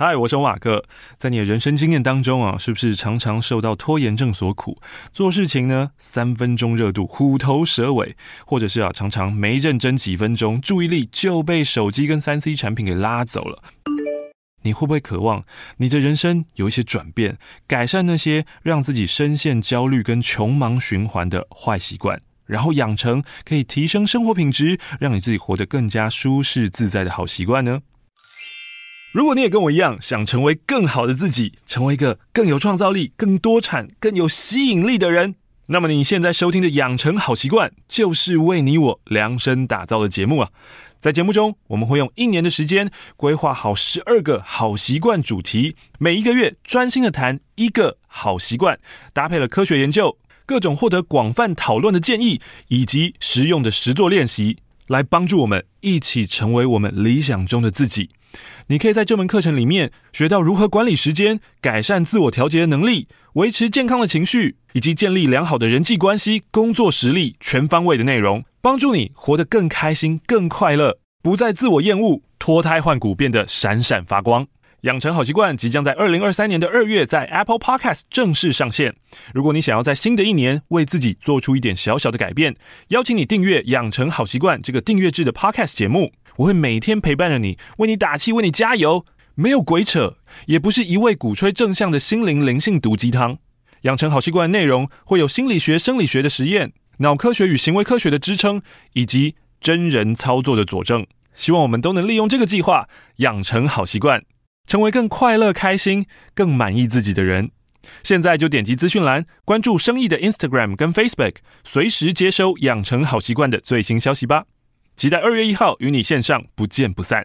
嗨，Hi, 我是歐馬克。在你的人生經驗當中啊，是不是常常受到拖延症所苦？做事情呢，三分鐘熱度，虎頭蛇尾，或者是啊，常常沒認真幾分鐘，注意力就被手機跟三 C 產品給拉走了？你會不會渴望你的人生有一些轉變，改善那些讓自己深陷焦慮跟窮忙循環的壞習慣，然後養成可以提升生活品質，讓你自己活得更加舒適自在的好習慣呢？如果你也跟我一樣想成為更好的自己，成為一個更有創造力、更多產、更有吸引力的人，那麼你現在收聽的《養成好習慣》就是為你我量身打造的節目啊。在節目中，我們會用一年的時間規劃好十二個好習慣主題，每一個月專心的談一個好習慣，搭配了科學研究、各種獲得廣泛討論的建議以及實用的實作練習，來幫助我們一起成為我們理想中的自己。你可以在這門課程裡面學到如何管理時間、改善自我調節的能力、維持健康的情緒，以及建立良好的人際關係、工作實力，全方位的內容，幫助你活得更開心、更快樂，不再自我厭惡，脫胎換骨，變得閃閃發光。養成好習慣即將在二零二三年的二月在 Apple Podcast 正式上線。如果你想要在新的一年為自己做出一點小小的改變，邀請你訂閱《養成好習慣》這個訂閱制的 Podcast 節目。我會每天陪伴着你，為你打氣，為你加油。沒有鬼扯，也不是一味鼓吹正向的心靈靈性毒雞湯。養成好習慣的內容會有心理學生理學的實驗、腦科學與行為科學的支撐，以及真人操作的佐證。希望我們都能利用這個計劃養成好習慣，成為更快樂、開心、更滿意自己的人。現在就點擊資訊欄，關注聲藝的 Instagram 跟 Facebook，隨時接收養成好習慣的最新消息吧。期待二月一號與你線上不見不散。